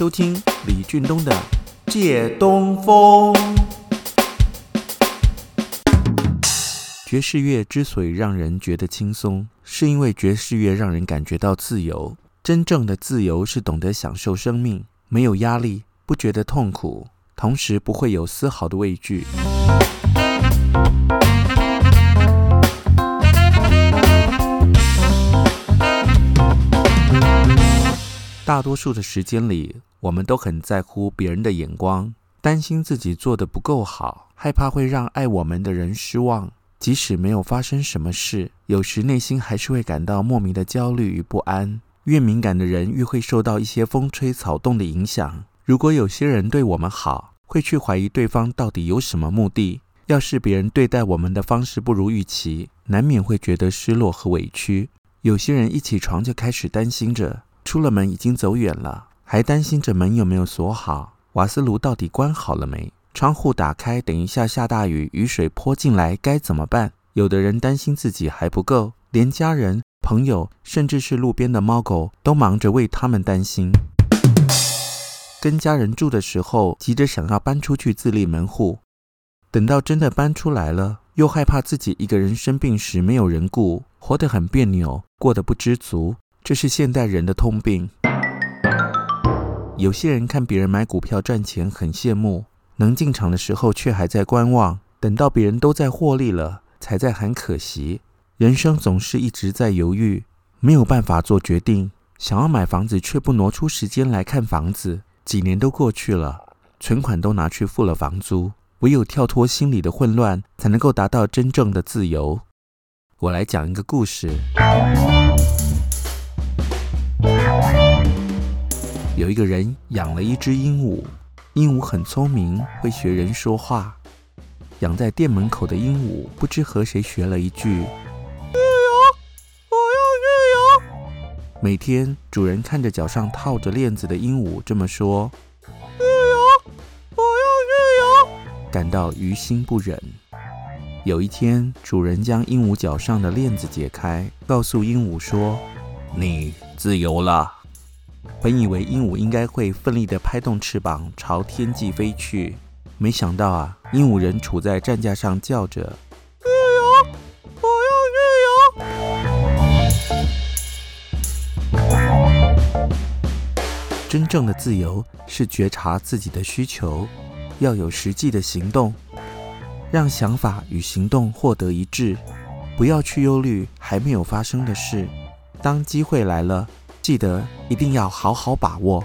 收聽李俊東的《借東風》。爵士樂之所以讓人覺得輕鬆，是因為爵士樂讓人感覺到自由。真正的自由是懂得享受生命，沒有壓力，不覺得痛苦，同時不會有絲毫的畏懼。大多數的時間裡，我們都很在乎別人的眼光，擔心自己做得不夠好，害怕會讓愛我們的人失望。即使沒有發生什麼事，有時內心還是會感到莫名的焦慮與不安。越敏感的人，越會受到一些風吹草動的影響。如果有些人對我們好，會去懷疑對方到底有什麼目的；要是別人對待我們的方式不如預期，難免會覺得失落和委屈。有些人一起床就開始擔心着，出了門已經走遠了。還擔心着門有沒有鎖好，瓦斯爐到底關好了沒？窗戶打開，等一下下大雨，雨水潑進來該怎麼辦？有的人擔心自己還不夠，連家人、朋友，甚至是路邊的貓狗，都忙着為他們擔心。跟家人住的時候，急着想要搬出去自立門戶；等到真的搬出來了，又害怕自己一個人生病時沒有人顧，活得很彆扭，過得不知足。這是現代人的通病。有些人看別人買股票賺錢很羨慕，能進場的時候卻還在觀望，等到別人都在獲利了，才在喊可惜。人生總是一直在猶豫，沒有辦法做決定。想要買房子卻不挪出時間來看房子，幾年都過去了，存款都拿去付了房租。唯有跳脫心裡的混亂，才能夠達到真正的自由。我來講一個故事。有一個人養了一隻鸚鵡，鸚鵡很聰明，會學人說話。養在店門口的鸚鵡不知和誰學了一句：“自由，我要自由。”每天，主人看着腳上套着鏈子的鸚鵡這麼說：“自由，我要自由。”感到於心不忍。有一天，主人將鸚鵡腳上的鏈子解開，告訴鸚鵡說：“你自由了。”本以為鸚鵡應該會奮力地拍動翅膀朝天際飛去，沒想到啊，鸚鵡仍處在站架上叫着：“自由，我要自由！”真正的自由是覺察自己的需求，要有實際的行動，讓想法與行動獲得一致，不要去憂慮還沒有發生的事。當機會來了，記得一定要好好把握。